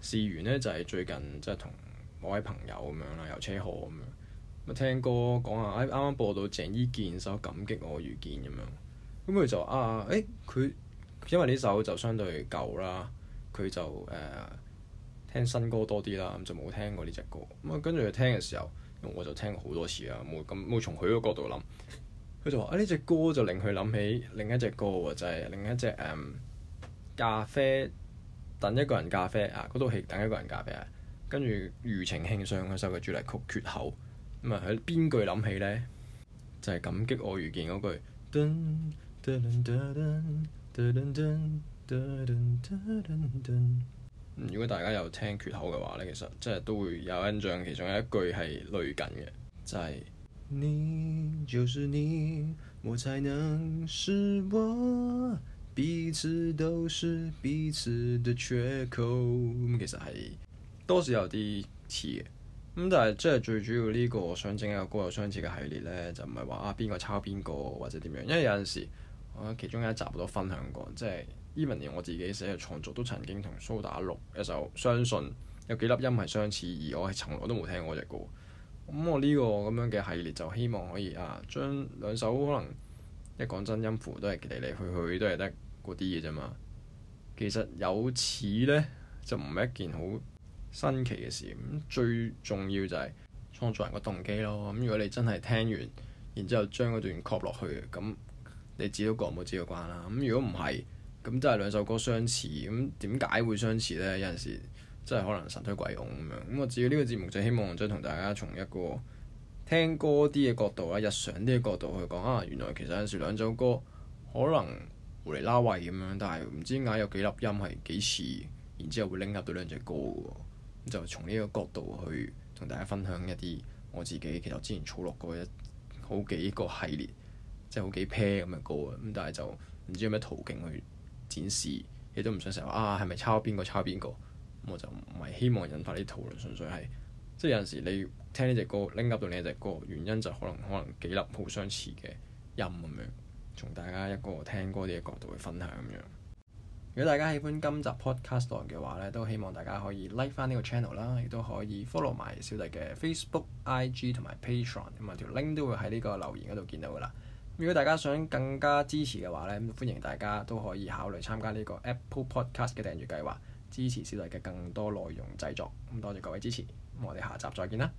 試完咧就係、是、最近即係同某位朋友咁樣啦，遊車河咁樣，咁啊聽歌講下，啱啱、啊、播到鄭伊健首《感激我遇見》咁樣，咁、嗯、佢就啊誒佢、欸，因為呢首就相對舊啦，佢就誒、呃、聽新歌多啲啦，咁就冇聽過呢隻歌，咁啊跟住佢聽嘅時候，我就聽過好多次啦，冇咁冇從佢個角度諗，佢就話啊呢隻歌就令佢諗起另一隻歌喎，就係、是、另一隻誒、um, 咖啡。等一個人咖啡啊！嗰套戲等一個人咖啡，跟住庾澄慶上佢首嘅主題曲缺口，咁啊喺邊句諗起呢？就係、是、感激我遇見嗰句。如果大家有聽缺口嘅話呢，其實即係都會有印象，其中有一句係累緊嘅，就係、是、你就是你，我才能是我。彼此都是彼此的缺口咁，其實係多少有啲似嘅。咁但係即係最主要呢個想整一個歌有相似嘅系列咧，就唔係話啊邊個抄邊個或者點樣，因為有陣時我其中有一集我都分享過，即係 Evenly 我自己寫嘅創作都曾經同蘇打綠一首相信有幾粒音係相似，而我係從來都冇聽過隻歌。咁我呢個咁樣嘅系列就希望可以啊將兩首可能。即係講真，音符都係嚟嚟去去都係得嗰啲嘢啫嘛。其實有似呢，就唔係一件好新奇嘅事。咁最重要就係創作人個動機咯。咁如果你真係聽完，然之後將嗰段曲落去嘅，咁你自然都過冇知嘅關啦。咁如果唔係，咁真係兩首歌相似，咁點解會相似呢？有陣時真係可能神推鬼用咁樣。咁我至於呢個節目就希望即同大家從一個。聽歌啲嘅角度啦，日常啲嘅角度去講啊，原來其實有時兩組歌可能互嚟拉位咁樣，但係唔知點解有幾粒音係幾似，然之後會拎合到兩隻歌喎。咁就從呢個角度去同大家分享一啲我自己其實之前儲落過一好幾個系列，即係好幾 pair 咁嘅歌啊。咁但係就唔知有咩途徑去展示，亦都唔想成日話啊係咪抄邊個抄邊個。我就唔係希望引發啲討論，純粹係。即係有陣時，你聽呢隻歌拎 up 到另一隻歌，原因就可能可能幾粒好相似嘅音咁樣。從大家一個聽歌啲角度去分享咁樣。如果大家喜歡今集 podcast 嘅話咧，都希望大家可以 like 翻呢個 channel 啦，亦都可以 follow 埋小弟嘅 Facebook、IG 同埋 Patreon。咁啊條 link 都會喺呢個留言嗰度見到噶啦。如果大家想更加支持嘅話咧，咁歡迎大家都可以考慮參加呢個 Apple Podcast 嘅訂閱計劃，支持小弟嘅更多內容製作。咁多謝各位支持。我哋下集再見啦！